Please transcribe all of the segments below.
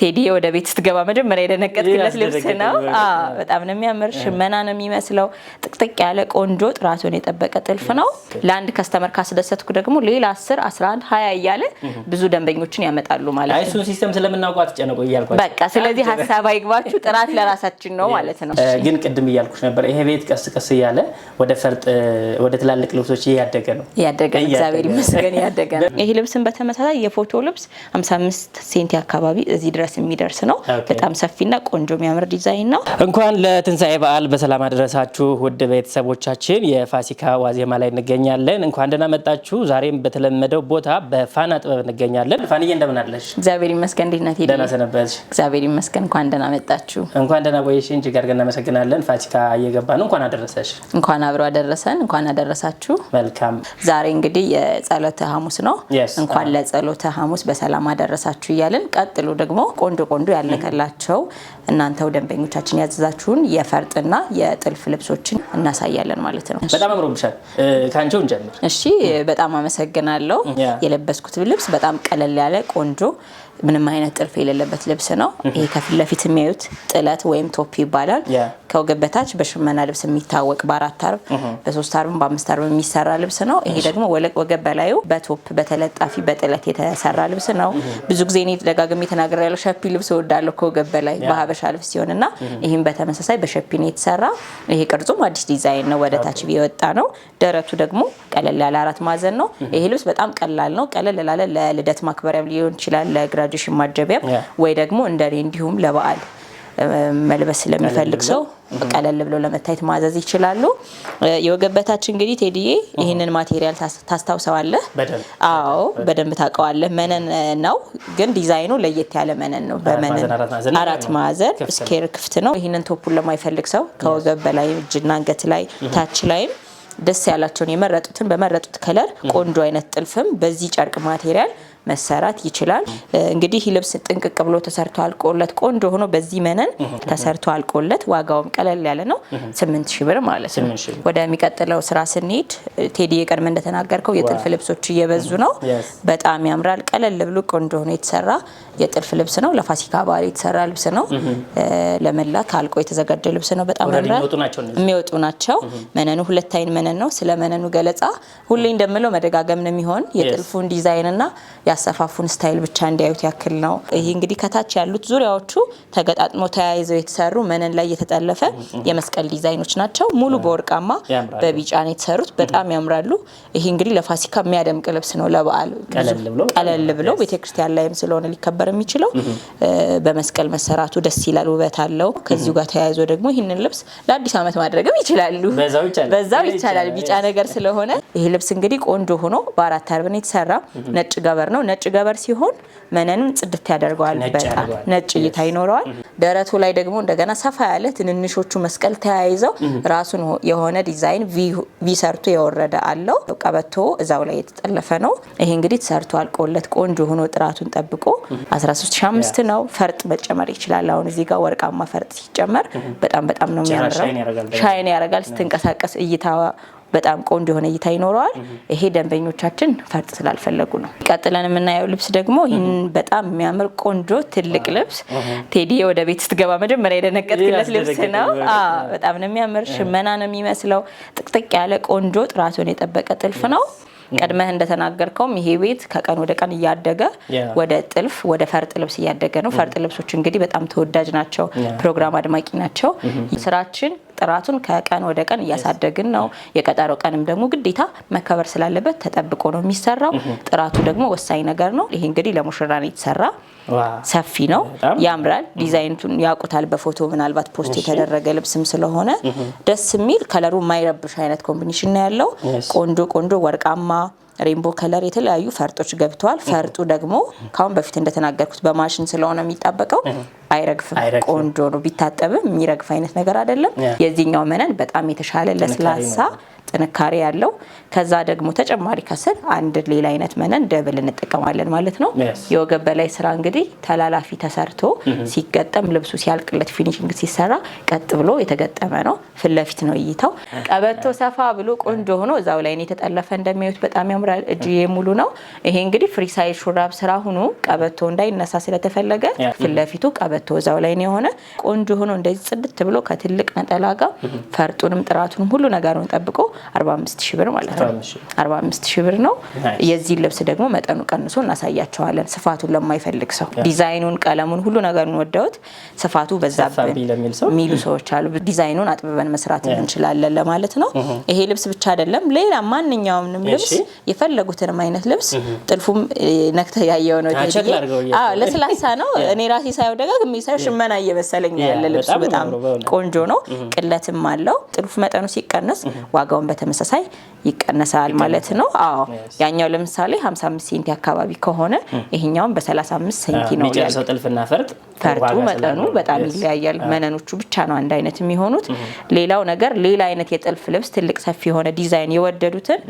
ቴዲ ወደ ቤት ስትገባ መጀመሪያ የደነገጥክለት ልብስ ነው። በጣም ነው የሚያምር። ሽመና ነው የሚመስለው። ጥቅጥቅ ያለ ቆንጆ ጥራቱን የጠበቀ ጥልፍ ነው። ለአንድ ከስተመር ካስደሰትኩ ደግሞ ሌላ 10፣ 11፣ 20 እያለ ብዙ ደንበኞችን ያመጣሉ ማለት ነው። እሱን ሲስተም ስለምናውቀው አትጨነቁ እያልኳቸው በቃ። ስለዚህ ሀሳብ አይግባችሁ፣ ጥራት ለራሳችን ነው ማለት ነው። ግን ቅድም እያልኩሽ ነበር ይሄ ቤት ቀስ ቀስ እያለ ወደ ፈርጥ ወደ ትላልቅ ልብሶች እያደገ ነው እያደገ ነው። እግዚአብሔር ይመስገን እያደገ ነው። ይሄ ልብስን በተመሳሳይ የፎቶ ልብስ 55 ሴንቲ አካባቢ እዚህ ድረስ ድረስ የሚደርስ ነው። በጣም ሰፊና ቆንጆ የሚያምር ዲዛይን ነው። እንኳን ለትንሣኤ በዓል በሰላም አደረሳችሁ ውድ ቤተሰቦቻችን። የፋሲካ ዋዜማ ላይ እንገኛለን። እንኳን ደህና መጣችሁ። ዛሬም በተለመደው ቦታ በፋና ጥበብ እንገኛለን። ፋንዬ እንደምን አለሽ? እግዚአብሔር ይመስገን። ዲነት ናት? ደህና ሰነበች? እግዚአብሔር ይመስገን። እንኳን ደህና መጣችሁ። እንኳን ደህና ቆየሽን። እጅግ አድርገን እናመሰግናለን። ፋሲካ እየገባ ነው። እንኳን አደረሰሽ። እንኳን አብሮ አደረሰን። እንኳን አደረሳችሁ። መልካም። ዛሬ እንግዲህ የጸሎተ ሐሙስ ነው። እንኳን ለጸሎተ ሐሙስ በሰላም አደረሳችሁ እያለን ቀጥሎ ደግሞ ቆንጆ ቆንጆ ያለቀላቸው እናንተው ደንበኞቻችን ያዘዛችሁን የፈርጥና የጥልፍ ልብሶችን እናሳያለን ማለት ነው። በጣም አምሮብሻል። ከአንቺው እንጀምር። እሺ፣ በጣም አመሰግናለሁ። የለበስኩት ልብስ በጣም ቀለል ያለ ቆንጆ ምንም አይነት ጥልፍ የሌለበት ልብስ ነው። ይሄ ከፊት ለፊት የሚያዩት ጥለት ወይም ቶፕ ይባላል። ከወገብ በታች በሽመና ልብስ የሚታወቅ በአራት አርብ፣ በሶስት አርብ፣ በአምስት አርብ የሚሰራ ልብስ ነው። ይሄ ደግሞ ወገብ በላዩ በቶፕ በተለጣፊ በጥለት የተሰራ ልብስ ነው። ብዙ ጊዜ እኔ ደጋግሜ ተናገር ያለው ሸፒ ልብስ እወዳለሁ ከወገብ በላይ በሀበሻ ልብስ ሲሆን እና ይህም በተመሳሳይ በሸፒ ነው የተሰራ። ይሄ ቅርጹም አዲስ ዲዛይን ነው፣ ወደ ታች የወጣ ነው። ደረቱ ደግሞ ቀለል ያለ አራት ማዕዘን ነው። ይሄ ልብስ በጣም ቀላል ነው። ቀለል ላለ ለልደት ማክበሪያም ሊሆን ይችላል ለግራ ለወላጆች ማጀቢያ ወይ ደግሞ እንደኔ እንዲሁም ለበዓል መልበስ ለሚፈልግ ሰው ቀለል ብሎ ለመታየት ማዘዝ ይችላሉ። የወገብ በታች እንግዲህ ቴዲዬ ይህንን ማቴሪያል ታስታውሰዋለህ? አዎ በደንብ ታውቀዋለህ። መነን ነው፣ ግን ዲዛይኑ ለየት ያለ መነን ነው። በመነን አራት ማዕዘን ስኬር ክፍት ነው። ይህንን ቶፑን ለማይፈልግ ሰው ከወገብ በላይ እጅና አንገት ላይ ታች ላይም ደስ ያላቸውን የመረጡትን በመረጡት ከለር ቆንጆ አይነት ጥልፍም በዚህ ጨርቅ ማቴሪያል መሰራት ይችላል። እንግዲህ ይህ ልብስ ጥንቅቅ ብሎ ተሰርቶ አልቆለት ቆንጆ ሆኖ በዚህ መነን ተሰርቶ አልቆለት ዋጋውም ቀለል ያለ ነው፣ ስምንት ሺ ብር ማለት ነው። ወደሚቀጥለው ስራ ስንሄድ ቴዲ የቀድመ እንደተናገርከው የጥልፍ ልብሶች እየበዙ ነው። በጣም ያምራል። ቀለል ብሎ ቆንጆ ሆኖ የተሰራ የጥልፍ ልብስ ነው። ለፋሲካ በዓል የተሰራ ልብስ ነው። ለመላክ አልቆ የተዘጋጀ ልብስ ነው። በጣም ያምራል። የሚወጡ ናቸው። መነኑ ሁለት አይን መነን ነው። ስለ መነኑ ገለጻ ሁሌ እንደምለው መደጋገም ነው የሚሆን የጥልፉን ዲዛይንና ያሰፋፉን ስታይል ብቻ እንዲያዩት ያክል ነው። ይህ እንግዲህ ከታች ያሉት ዙሪያዎቹ ተገጣጥሞ ተያይዘው የተሰሩ መነን ላይ የተጠለፈ የመስቀል ዲዛይኖች ናቸው። ሙሉ በወርቃማ በቢጫ ነው የተሰሩት። በጣም ያምራሉ። ይህ እንግዲህ ለፋሲካ የሚያደምቅ ልብስ ነው። ለበዓል ቀለል ብሎ ቤተክርስቲያን ላይም ስለሆነ ሊከበር የሚችለው በመስቀል መሰራቱ ደስ ይላል፣ ውበት አለው። ከዚሁ ጋር ተያይዞ ደግሞ ይህንን ልብስ ለአዲስ ዓመት ማድረግም ይችላሉ። በዛው ይቻላል፣ ቢጫ ነገር ስለሆነ። ይህ ልብስ እንግዲህ ቆንጆ ሆኖ በአራት አርብን የተሰራ። ነጭ ገበር ነው ነጭ ገበር ሲሆን መነንም ጽድት ያደርገዋል። በጣም ነጭ እይታ ይኖረዋል። mm-hmm. ደረቱ ላይ ደግሞ እንደገና ሰፋ ያለ ትንንሾቹ መስቀል ተያይዘው mm-hmm. ራሱን የሆነ ዲዛይን ቪ ሰርቶ የወረደ አለው። ቀበቶ እዛው ላይ የተጠለፈ ነው። ይሄ እንግዲህ ተሰርቶ አልቆለት ቆንጆ ሆኖ ጥራቱን ጠብቆ 135 mm-hmm. ነው። ፈርጥ መጨመር ይችላል። አሁን እዚህ ጋር ወርቃማ ፈርጥ ሲጨመር በጣም በጣም ነው የሚያምረው። ሻይን ያደርጋል ስትንቀሳቀስ እይታ በጣም ቆንጆ የሆነ እይታ ይኖረዋል። ይሄ ደንበኞቻችን ፈርጥ ስላልፈለጉ ነው። ቀጥለን የምናየው ልብስ ደግሞ ይህን በጣም የሚያምር ቆንጆ ትልቅ ልብስ ቴዲ ወደ ቤት ስትገባ መጀመሪያ የደነቀጥክለት ልብስ ነው። በጣም ነው የሚያምር። ሽመና ነው የሚመስለው። ጥቅጥቅ ያለ ቆንጆ ጥራቱን የጠበቀ ጥልፍ ነው። ቀድመህ እንደተናገርከውም ይሄ ቤት ከቀን ወደ ቀን እያደገ ወደ ጥልፍ ወደ ፈርጥ ልብስ እያደገ ነው። ፈርጥ ልብሶች እንግዲህ በጣም ተወዳጅ ናቸው፣ ፕሮግራም አድማቂ ናቸው። ስራችን ጥራቱን ከቀን ወደ ቀን እያሳደግን ነው። የቀጠሮ ቀንም ደግሞ ግዴታ መከበር ስላለበት ተጠብቆ ነው የሚሰራው። ጥራቱ ደግሞ ወሳኝ ነገር ነው። ይሄ እንግዲህ ለሙሽራ ነው የተሰራ። ሰፊ ነው፣ ያምራል። ዲዛይንቱን ያውቁታል። በፎቶ ምናልባት ፖስት የተደረገ ልብስም ስለሆነ ደስ የሚል ከለሩ የማይረብሽ አይነት ኮምቢኔሽን ነው ያለው። ቆንጆ ቆንጆ ወርቃማ ሬንቦ ከለር የተለያዩ ፈርጦች ገብተዋል። ፈርጡ ደግሞ ከአሁን በፊት እንደተናገርኩት በማሽን ስለሆነ የሚጣበቀው አይረግፍም። ቆንጆ ነው። ቢታጠብም የሚረግፍ አይነት ነገር አይደለም። የዚህኛው መነን በጣም የተሻለ ለስላሳ ጥንካሬ ያለው ከዛ ደግሞ ተጨማሪ ከስር አንድ ሌላ አይነት መነን ደብል እንጠቀማለን ማለት ነው። የወገብ በላይ ስራ እንግዲህ ተላላፊ ተሰርቶ mm-hmm. ሲገጠም ልብሱ ሲያልቅለት ፊኒሽንግ ሲሰራ ቀጥ ብሎ የተገጠመ ነው። ፊት ለፊት ነው እይታው። ቀበቶ ሰፋ ብሎ ቆንጆ ሆኖ እዛው ላይ የተጠለፈ እንደሚያዩት በጣም ያምራል። እጅ ሙሉ ነው። ይሄ እንግዲህ ፍሪሳይድ ሹራብ ስራ ሁኑ ቀበቶ እንዳይነሳ ስለተፈለገ ፊት ለፊቱ ቀበ ቀበቶ ወዛው ላይ ነው የሆነ ቆንጆ ሆኖ እንደዚህ ጽድት ብሎ ከትልቅ ነጠላ ጋር ፈርጡንም ጥራቱንም ሁሉ ነገሩን ጠብቆ 45 ሺ ብር ማለት ነው። 45 ሺ ብር ነው። የዚህ ልብስ ደግሞ መጠኑ ቀንሶ እናሳያቸዋለን። ስፋቱን ለማይፈልግ ሰው ዲዛይኑን፣ ቀለሙን፣ ሁሉ ነገሩን ወደውት ስፋቱ በዛብን የሚሉ ሰዎች አሉ። ዲዛይኑን አጥብበን መስራት እንችላለን ለማለት ነው። mm-hmm. ይሄ ልብስ ብቻ አይደለም፣ ሌላ ማንኛውንም ልብስ የፈለጉትንም አይነት ልብስ mm-hmm. ጥልፉም ነክተ ያየው ነው። ለስላሳ ነው። እኔ ራሴ ሳየው ደጋግ አላውቅም ይሳ ሽመና እየመሰለኝ ያለ ልብሱ በጣም ቆንጆ ነው። ቅለትም አለው። ጥልፍ መጠኑ ሲቀነስ ዋጋውን በተመሳሳይ ይቀነሳል ማለት ነው። አዎ ያኛው ለምሳሌ 55 ሴንቲ አካባቢ ከሆነ ይሄኛውም በ35 ሴንቲ ነው የሚጨርሰው። ጥልፍና ፈርጥ ፈርጡ መጠኑ በጣም ይለያያል። መነኖቹ ብቻ ነው አንድ አይነት የሚሆኑት። ሌላው ነገር ሌላ አይነት የጥልፍ ልብስ ትልቅ ሰፊ የሆነ ዲዛይን የወደዱትን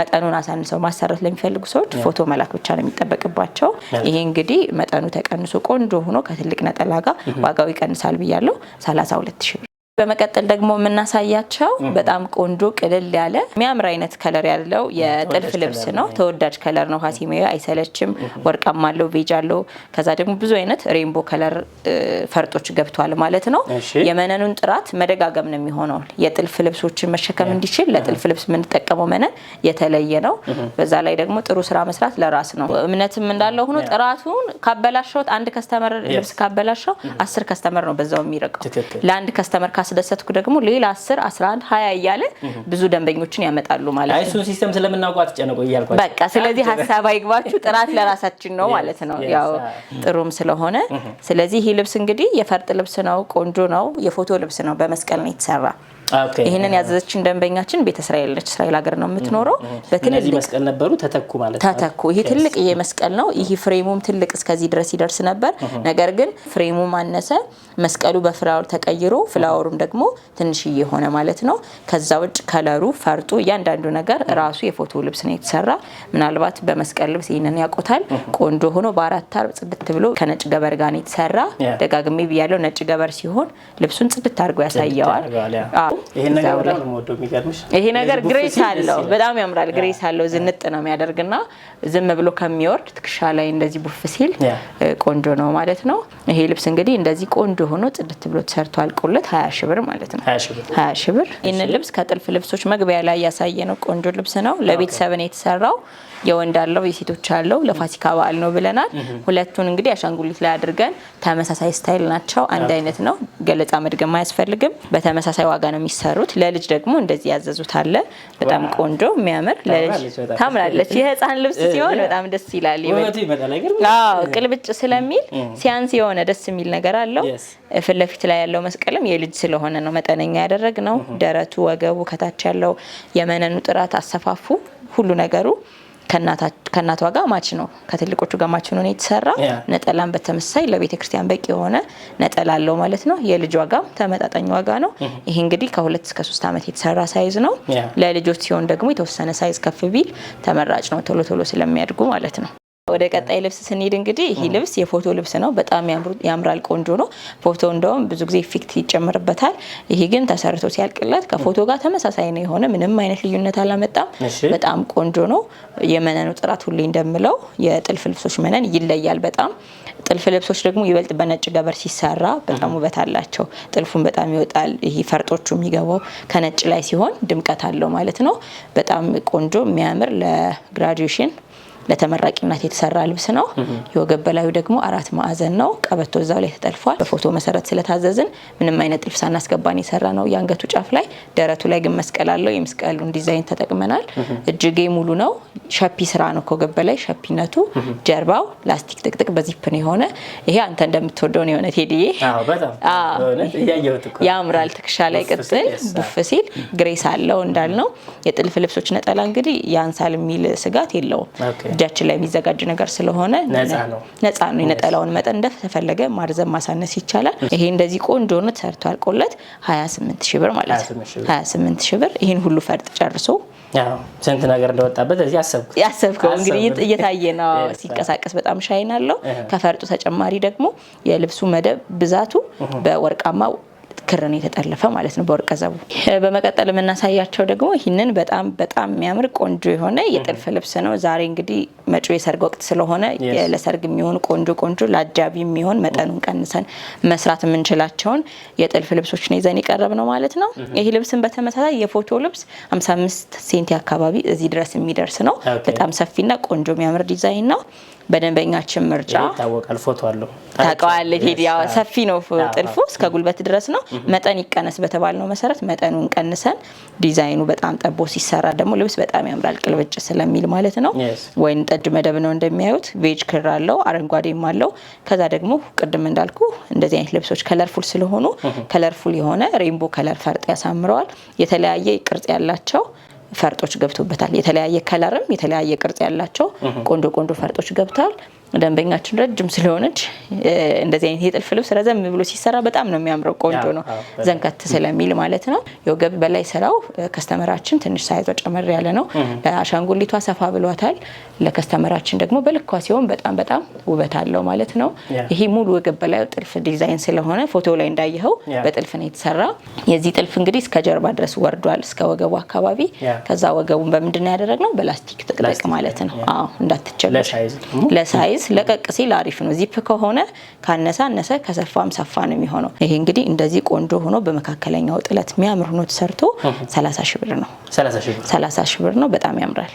መጠኑን አሳንሰው ማሰራት ለሚፈልጉ ሰዎች ፎቶ መላክ ብቻ ነው የሚጠበቅባቸው። ይሄ እንግዲህ መጠኑ ተቀንሶ ቆንጆ ሆኖ ከትልቅ ነጠ ነጠላ ጋር ዋጋው ይቀንሳል ብያለሁ 32 ሺ ብር በመቀጠል ደግሞ የምናሳያቸው በጣም ቆንጆ ቅልል ያለ የሚያምር አይነት ከለር ያለው የጥልፍ ልብስ ነው። ተወዳጅ ከለር ነው። ሀሲሜ አይሰለችም። ወርቃማ አለው፣ ቤጅ አለው። ከዛ ደግሞ ብዙ አይነት ሬንቦ ከለር ፈርጦች ገብቷል ማለት ነው። የመነኑን ጥራት መደጋገም ነው የሚሆነው። የጥልፍ ልብሶችን መሸከም እንዲችል ለጥልፍ ልብስ የምንጠቀመው መነን የተለየ ነው። በዛ ላይ ደግሞ ጥሩ ስራ መስራት ለራስ ነው። እምነትም እንዳለው ሆኖ ጥራቱን ካበላሸው አንድ ከስተመር ልብስ ካበላሸው አስር ከስተመር ነው በዛው የሚረቀው ለአንድ ከስተመር ካስደሰትኩ ደግሞ ሌላ 10፣ 11፣ 20 እያለ ብዙ ደንበኞችን ያመጣሉ ማለት ነው። እሱን ሲስተም ስለምናውቀው አትጨነቁ እያልኳቸው በቃ። ስለዚህ ሀሳብ አይግባችሁ፣ ጥራት ለራሳችን ነው ማለት ነው። ያው uh, ጥሩም ስለሆነ ስለዚህ ይህ ልብስ እንግዲህ የፈርጥ ልብስ ነው። ቆንጆ ነው። የፎቶ ልብስ ነው። በመስቀል ነው የተሰራ ይህንን ያዘዘችን ደንበኛችን ቤተ እስራኤል ነች። እስራኤል ሀገር ነው የምትኖረው። በትልልቅ መስቀል ነበሩ ተተኩ ማለት ተተኩ። ይሄ ትልቅ ይሄ መስቀል ነው። ይህ ፍሬሙም ትልቅ እስከዚህ ድረስ ይደርስ ነበር። ነገር ግን ፍሬሙ ማነሰ፣ መስቀሉ በፍላወር ተቀይሮ ፍላወሩም ደግሞ ትንሽዬ ሆነ ማለት ነው። ከዛ ውጭ ከለሩ፣ ፈርጡ፣ እያንዳንዱ ነገር ራሱ የፎቶ ልብስ ነው የተሰራ። ምናልባት በመስቀል ልብስ ይህንን ያውቁታል። ቆንጆ ሆኖ በአራት አርብ ጽድት ብሎ ከነጭ ገበር ጋር ነው የተሰራ። ደጋግሜ ብያለው፣ ነጭ ገበር ሲሆን ልብሱን ጽድት አድርጎ ያሳየዋል። ይሄ ነገር ግሬስ አለው፣ በጣም ያምራል። ግሬስ አለው፣ ዝንጥ ነው የሚያደርግና ዝም ብሎ ከሚወርድ ትከሻ ላይ እንደዚህ ቡፍ ሲል ቆንጆ ነው ማለት ነው። ይሄ ልብስ እንግዲህ እንደዚህ ቆንጆ ሆኖ ጽድት ብሎ ተሰርቶ አልቆለት 20 ሺህ ብር ማለት ነው። 20 ሺህ ብር። ይህንን ልብስ ከጥልፍ ልብሶች መግቢያ ላይ ያሳየ ነው። ቆንጆ ልብስ ነው። ለቤተሰብን የተሰራው የወንድ አለው የሴቶች አለው። ለፋሲካ በዓል ነው ብለናል። ሁለቱን እንግዲህ አሻንጉሊት ላይ አድርገን ተመሳሳይ ስታይል ናቸው። አንድ አይነት ነው። ገለጻ መድገም አያስፈልግም። በተመሳሳይ ዋጋ ነው የሚሰሩት። ለልጅ ደግሞ እንደዚህ ያዘዙት አለ። በጣም ቆንጆ የሚያምር ለልጅ ታምራለች። የህፃን ልብስ ሲሆን በጣም ደስ ይላል። ቅልብጭ ስለሚል ሲያንስ የሆነ ደስ የሚል ነገር አለው። ፊት ለፊት ላይ ያለው መስቀልም የልጅ ስለሆነ ነው መጠነኛ ያደረግ ነው። ደረቱ፣ ወገቡ፣ ከታች ያለው የመነኑ ጥራት፣ አሰፋፉ ሁሉ ነገሩ ከእናቷ ጋር ማች ነው ከትልቆቹ ጋር ማች ነው የተሰራ ነጠላን በተመሳሳይ ለቤተ ክርስቲያን በቂ የሆነ ነጠላ አለው ማለት ነው። የልጅ ዋጋም ተመጣጣኝ ዋጋ ነው። ይሄ እንግዲህ ከሁለት እስከ ሶስት ዓመት የተሰራ ሳይዝ ነው። ለልጆች ሲሆን ደግሞ የተወሰነ ሳይዝ ከፍ ቢል ተመራጭ ነው፣ ቶሎ ቶሎ ስለሚያድጉ ማለት ነው። ወደ ቀጣይ ልብስ ስንሄድ እንግዲህ ይህ ልብስ የፎቶ ልብስ ነው። በጣም ያምራል፣ ቆንጆ ነው። ፎቶ እንደውም ብዙ ጊዜ ፊክት ይጨምርበታል። ይሄ ግን ተሰርቶ ሲያልቅለት ከፎቶ ጋር ተመሳሳይ ነው የሆነ ምንም አይነት ልዩነት አላመጣም። በጣም ቆንጆ ነው። የመነኑ ጥራት ሁሌ እንደምለው የጥልፍ ልብሶች መነን ይለያል በጣም ጥልፍ ልብሶች ደግሞ ይበልጥ በነጭ ገበር ሲሰራ በጣም ውበት አላቸው። ጥልፉን በጣም ይወጣል። ይህ ፈርጦቹ የሚገባው ከነጭ ላይ ሲሆን ድምቀት አለው ማለት ነው። በጣም ቆንጆ የሚያምር ለግራጁዌሽን ለተመራቂነት የተሰራ ልብስ ነው። የወገብ በላዩ ደግሞ አራት ማዕዘን ነው። ቀበቶ እዛው ላይ ተጠልፏል። በፎቶ መሰረት ስለታዘዝን ምንም አይነት ጥልፍ ሳናስገባን የሰራ ነው። የአንገቱ ጫፍ ላይ፣ ደረቱ ላይ ግን መስቀል አለው። የመስቀሉን ዲዛይን ተጠቅመናል። እጅጌ ሙሉ ነው። ሸፒ ስራ ነው። ከወገብ በላይ ሸፒነቱ፣ ጀርባው ላስቲክ ጥቅጥቅ በዚፕን የሆነ ይሄ አንተ እንደምትወደውን የሆነ ቴዲዬ ያምራል። ትከሻ ላይ ቅጥል ቡፍ ሲል ግሬስ አለው እንዳልነው የጥልፍ ልብሶች ነጠላ እንግዲህ ያንሳል የሚል ስጋት የለውም። እጃችን ላይ የሚዘጋጅ ነገር ስለሆነ ነፃ ነው። የነጠላውን መጠን እንደተፈለገ ማርዘም ማሳነስ ይቻላል። ይሄ እንደዚህ ቆንጆ ሆኖ ተሰርቶ አልቆለት 28 ሺ ብር ማለት ነው። 28 ሺ ብር ይህን ሁሉ ፈርጥ ጨርሶ ስንት ነገር እንደወጣበት እዚህ ያሰብኩት ያሰብከው እንግዲህ እየታየ ነው። ሲንቀሳቀስ በጣም ሻይን አለው። ከፈርጡ ተጨማሪ ደግሞ የልብሱ መደብ ብዛቱ በወርቃማ በክር ነው የተጠለፈ ማለት ነው በወርቀ ዘቡ። በመቀጠል የምናሳያቸው ደግሞ ይህንን በጣም በጣም የሚያምር ቆንጆ የሆነ የጥልፍ ልብስ ነው ዛሬ እንግዲህ መጪው የሰርግ ወቅት ስለሆነ ለሰርግ የሚሆኑ ቆንጆ ቆንጆ ለአጃቢ የሚሆን መጠኑን ቀንሰን መስራት የምንችላቸውን የጥልፍ ልብሶችን ይዘን የቀረብ ነው ማለት ነው። ይህ ልብስን በተመሳሳይ የፎቶ ልብስ 55 ሴንቲ አካባቢ እዚህ ድረስ የሚደርስ ነው። በጣም ሰፊና ቆንጆ የሚያምር ዲዛይን ነው። በደንበኛችን ምርጫ ይታወቃል። ፎቶ አለው ታውቀዋለህ። ሰፊ ነው ጥልፉ እስከ ጉልበት ድረስ ነው። መጠን ይቀነስ በተባልነው መሰረት መጠኑን ቀንሰን ዲዛይኑ በጣም ጠቦ ሲሰራ ደግሞ ልብስ በጣም ያምራል፣ ቅልብጭ ስለሚል ማለት ነው። ወይን የብርድ መደብ ነው እንደሚያዩት። ቤጅ ክር አለው፣ አረንጓዴም አለው። ከዛ ደግሞ ቅድም እንዳልኩ እንደዚህ አይነት ልብሶች ከለርፉል ስለሆኑ ከለርፉል የሆነ ሬንቦ ከለር ፈርጥ ያሳምረዋል። የተለያየ ቅርጽ ያላቸው ፈርጦች ገብቶበታል። የተለያየ ከለርም የተለያየ ቅርጽ ያላቸው ቆንጆ ቆንጆ ፈርጦች ገብተዋል። ደንበኛችን ረጅም ስለሆነች እንደዚህ አይነት የጥልፍ ልብስ ረዘም ብሎ ሲሰራ በጣም ነው የሚያምረው። ቆንጆ ነው ዘንከት ስለሚል ማለት ነው። የወገብ በላይ ስራው ከስተመራችን ትንሽ ሳይዟ ጨመር ያለ ነው። ለአሻንጉሊቷ ሰፋ ብሏታል። ለከስተመራችን ደግሞ በልኳ ሲሆን በጣም በጣም ውበት አለው ማለት ነው። ይሄ ሙሉ ወገብ በላይ ጥልፍ ዲዛይን ስለሆነ ፎቶ ላይ እንዳየኸው በጥልፍ ነው የተሰራ። የዚህ ጥልፍ እንግዲህ እስከ ጀርባ ድረስ ወርዷል፣ እስከ ወገቡ አካባቢ። ከዛ ወገቡን በምንድን ነው ያደረግነው? በላስቲክ ጥቅጥቅ ማለት ነው። አዎ እንዳትቸገር ለሳይዝ ቢያንስ ለቀቅ ሲል አሪፍ ነው። ዚፕ ከሆነ ካነሰ አነሰ ከሰፋም ሰፋ ነው የሚሆነው። ይሄ እንግዲህ እንደዚህ ቆንጆ ሆኖ በመካከለኛው ጥለት የሚያምር ሆኖ ተሰርቶ 30 ሺህ ብር ነው። 30 ሺህ ብር ነው። በጣም ያምራል።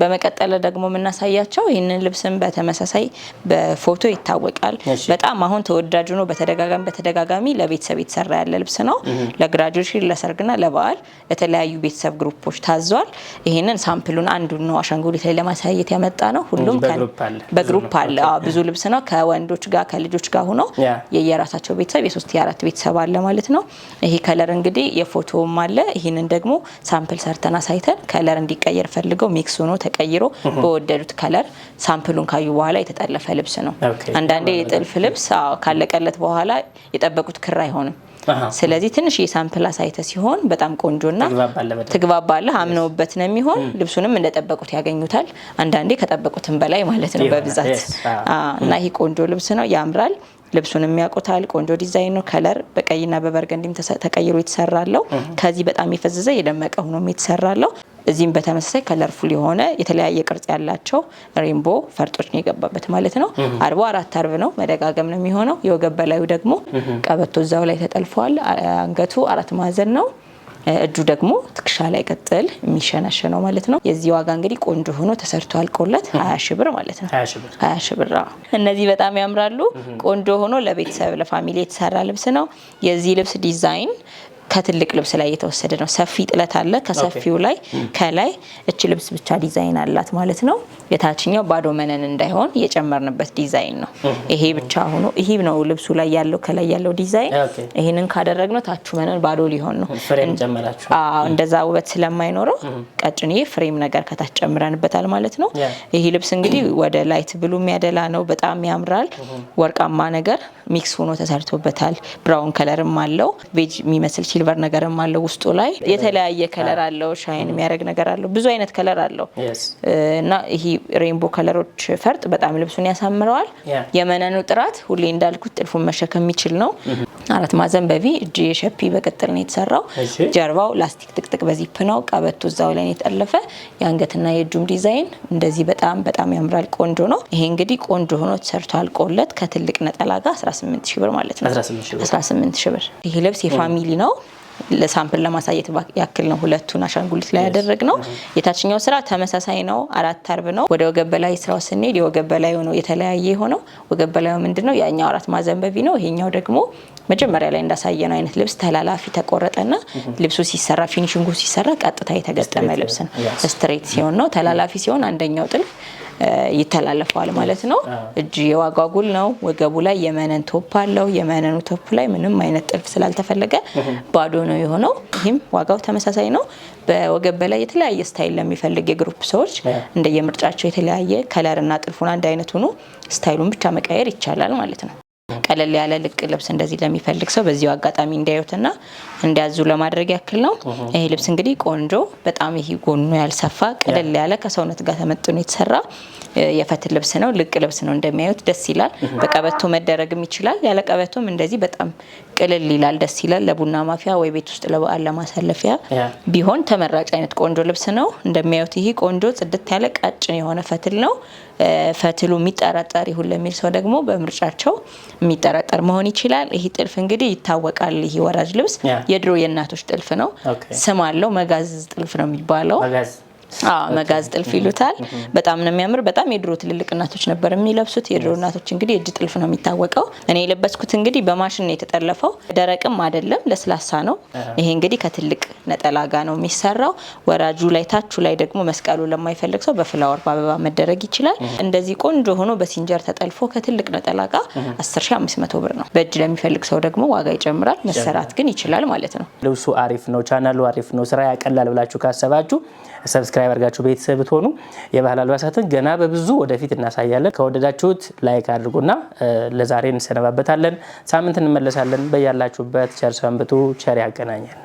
በመቀጠል ደግሞ የምናሳያቸው ይህንን ልብስም በተመሳሳይ በፎቶ ይታወቃል። በጣም አሁን ተወዳጁ ነው። በተደጋጋሚ በተደጋጋሚ ለቤተሰብ የተሰራ ያለ ልብስ ነው። ለግራጁዌሽን፣ ለሰርግና ለበዓል የተለያዩ ቤተሰብ ግሩፖች ታዟል። ይህንን ሳምፕሉን አንዱ ነው አሻንጉሊት ላይ ለማሳየት ያመጣ ነው። ሁሉም በግሩፕ አለ። ብዙ ልብስ ነው። ከወንዶች ጋር ከልጆች ጋር ሆኖ የየራሳቸው ቤተሰብ የሶስት የአራት ቤተሰብ አለ ማለት ነው። ይሄ ከለር እንግዲህ የፎቶም አለ። ይህንን ደግሞ ሳምፕል ሰርተን አሳይተን ከለር እንዲቀየር ፈልገው ሚክሱ ሆኖ ተቀይሮ በወደዱት ከለር ሳምፕሉን ካዩ በኋላ የተጠለፈ ልብስ ነው። አንዳንዴ የጥልፍ ልብስ ካለቀለት በኋላ የጠበቁት ክር አይሆንም። ስለዚህ ትንሽ የሳምፕል አሳይተ ሲሆን በጣም ቆንጆና ትግባባለህ፣ አምነውበት ነው የሚሆን። ልብሱንም እንደጠበቁት ያገኙታል። አንዳንዴ ከጠበቁትም በላይ ማለት ነው በብዛት እና ይህ ቆንጆ ልብስ ነው፣ ያምራል። ልብሱን የሚያውቁታል። ቆንጆ ዲዛይን ነው። ከለር በቀይና በበርገንዲም ተቀይሮ የተሰራለው ከዚህ በጣም የፈዘዘ የደመቀ ሆኖም የተሰራለው እዚህም በተመሳሳይ ከለርፉል የሆነ የተለያየ ቅርጽ ያላቸው ሬንቦ ፈርጦች ነው የገባበት ማለት ነው። አርቦ አራት አርብ ነው መደጋገም ነው የሚሆነው። የወገብ በላዩ ደግሞ ቀበቶ እዛው ላይ ተጠልፏል። አንገቱ አራት ማዕዘን ነው። እጁ ደግሞ ትከሻ ላይ ቀጥል የሚሸነሽ ነው ማለት ነው። የዚህ ዋጋ እንግዲህ ቆንጆ ሆኖ ተሰርቶ አልቆለት ሀያ ሺ ብር ማለት ነው። ሀያ ሺ ብር እነዚህ በጣም ያምራሉ። ቆንጆ ሆኖ ለቤተሰብ ለፋሚሊ የተሰራ ልብስ ነው። የዚህ ልብስ ዲዛይን ከትልቅ ልብስ ላይ የተወሰደ ነው። ሰፊ ጥለት አለ። ከሰፊው ላይ ከላይ እች ልብስ ብቻ ዲዛይን አላት ማለት ነው። የታችኛው ባዶ መነን እንዳይሆን የጨመርንበት ዲዛይን ነው። ይሄ ብቻ ሆኖ ይሄ ነው ልብሱ ላይ ያለው ከላይ ያለው ዲዛይን። ይህንን ካደረግነው ታቹ መነን ባዶ ሊሆን ነው። እንደዛ ውበት ስለማይኖረው ቀጭን ፍሬም ነገር ከታች ጨምረንበታል ማለት ነው። ይሄ ልብስ እንግዲህ ወደ ላይት ብሉ የሚያደላ ነው። በጣም ያምራል። ወርቃማ ነገር ሚክስ ሆኖ ተሰርቶበታል። ብራውን ከለርም አለው፣ ቤጅ የሚመስል ሲልቨር ነገርም አለው ውስጡ ላይ የተለያየ ከለር አለው፣ ሻይን የሚያደርግ ነገር አለው፣ ብዙ አይነት ከለር አለው እና ይሄ ሬንቦ ከለሮች ፈርጥ በጣም ልብሱን ያሳምረዋል። የመነኑ ጥራት ሁሌ እንዳልኩት ጥልፉን መሸከም የሚችል ነው። mm-hmm. አራት ማዕዘን በቪ እጅ የሸፒ በቅጥል ነው የተሰራው። ጀርባው ላስቲክ ጥቅጥቅ በዚፕ ነው። ቀበቱ እዛው ላይ የጠለፈ የአንገትና የእጁም ዲዛይን እንደዚህ በጣም በጣም ያምራል። ቆንጆ ነው። ይሄ እንግዲህ ቆንጆ ሆኖ ተሰርቶ አልቆለት ከትልቅ ነጠላ ጋር 18 ሺ ብር ማለት ነው። 18 ሺ ብር። ይሄ ልብስ የፋሚሊ ነው። ለሳምፕል ለማሳየት ያክል ነው። ሁለቱን አሻንጉሊት ላይ ያደረግ ነው። የታችኛው ስራ ተመሳሳይ ነው። አራት አርብ ነው። ወደ ወገብ በላይ ስራው ስንሄድ የወገብ በላይ ነው የተለያየ የሆነው። ወገብ በላዩ ምንድን ነው? ያኛው አራት ማዘንበቢ ነው። ይሄኛው ደግሞ መጀመሪያ ላይ እንዳሳየነው አይነት ልብስ ተላላፊ ተቆረጠና ልብሱ ሲሰራ ፊኒሽንጉ ሲሰራ ቀጥታ የተገጠመ ልብስ ነው። ስትሬት ሲሆን ነው። ተላላፊ ሲሆን አንደኛው ጥልፍ uh, ይተላለፈዋል ማለት ነው። እጅ የዋጓጉል ጉል ነው። ወገቡ ላይ የመነን ቶፕ አለው። የመነኑ ቶፕ ላይ ምንም አይነት ጥልፍ ስላልተፈለገ ባዶ ነው የሆነው። ይህም ዋጋው ተመሳሳይ ነው። በወገብ በላይ የተለያየ ስታይል ለሚፈልግ የግሩፕ ሰዎች እንደየምርጫቸው የተለያየ ከለርና ጥልፉን አንድ አይነት ሆኖ ስታይሉን ብቻ መቀየር ይቻላል ማለት ነው። ቀለል ያለ ልቅ ልብስ እንደዚህ ለሚፈልግ ሰው በዚሁ አጋጣሚ እንዳዩትና እንዲያዙ ለማድረግ ያክል ነው። ይሄ ልብስ እንግዲህ ቆንጆ በጣም ይሄ ጎኑ ያልሰፋ ቀለል ያለ ከሰውነት ጋር ተመጥኖ የተሰራ የፈትል ልብስ ነው። ልቅ ልብስ ነው እንደሚያዩት ደስ ይላል። በቀበቶ መደረግም ይችላል። ያለ ቀበቶም እንደዚህ በጣም ቅልል ይላል፣ ደስ ይላል። ለቡና ማፊያ ወይ ቤት ውስጥ ለበዓል ለማሳለፊያ ቢሆን ተመራጭ አይነት ቆንጆ ልብስ ነው። እንደሚያዩት ይሄ ቆንጆ ጽድት ያለ ቀጭን የሆነ ፈትል ነው። ፈትሉ የሚጠራጠር ይሁን ለሚል ሰው ደግሞ በምርጫቸው የሚጠራጠር መሆን ይችላል። ይህ ጥልፍ እንግዲህ ይታወቃል። ይህ ወራጅ ልብስ የድሮ የእናቶች ጥልፍ ነው። ስም አለው መጋዝ ጥልፍ ነው የሚባለው። መጋዝ ጥልፍ ይሉታል። በጣም ነው የሚያምር። በጣም የድሮ ትልልቅ እናቶች ነበር የሚለብሱት። የድሮ እናቶች እንግዲህ የእጅ ጥልፍ ነው የሚታወቀው። እኔ የለበስኩት እንግዲህ በማሽን ነው የተጠለፈው። ደረቅም አይደለም ለስላሳ ነው። ይሄ እንግዲህ ከትልቅ ነጠላ ጋ ነው የሚሰራው። ወራጁ ላይ ታቹ ላይ ደግሞ መስቀሉ ለማይፈልግ ሰው በፍላወር በአበባ መደረግ ይችላል። እንደዚህ ቆንጆ ሆኖ በሲንጀር ተጠልፎ ከትልቅ ነጠላ ጋ 10500 ብር ነው። በእጅ ለሚፈልግ ሰው ደግሞ ዋጋ ይጨምራል። መሰራት ግን ይችላል ማለት ነው። ልብሱ አሪፍ ነው። ቻናሉ አሪፍ ነው። ስራ ያቀላል ብላችሁ ካሰባችሁ ሰብስክራ ሰብስክራይብ አድርጋችሁ ቤተሰብ ትሆኑ የባህል አልባሳትን ገና በብዙ ወደፊት እናሳያለን። ከወደዳችሁት ላይክ አድርጉና ለዛሬ እንሰነባበታለን። ሳምንት እንመለሳለን። በያላችሁበት ቸር ሰንብቱ። ቸር ያገናኛል።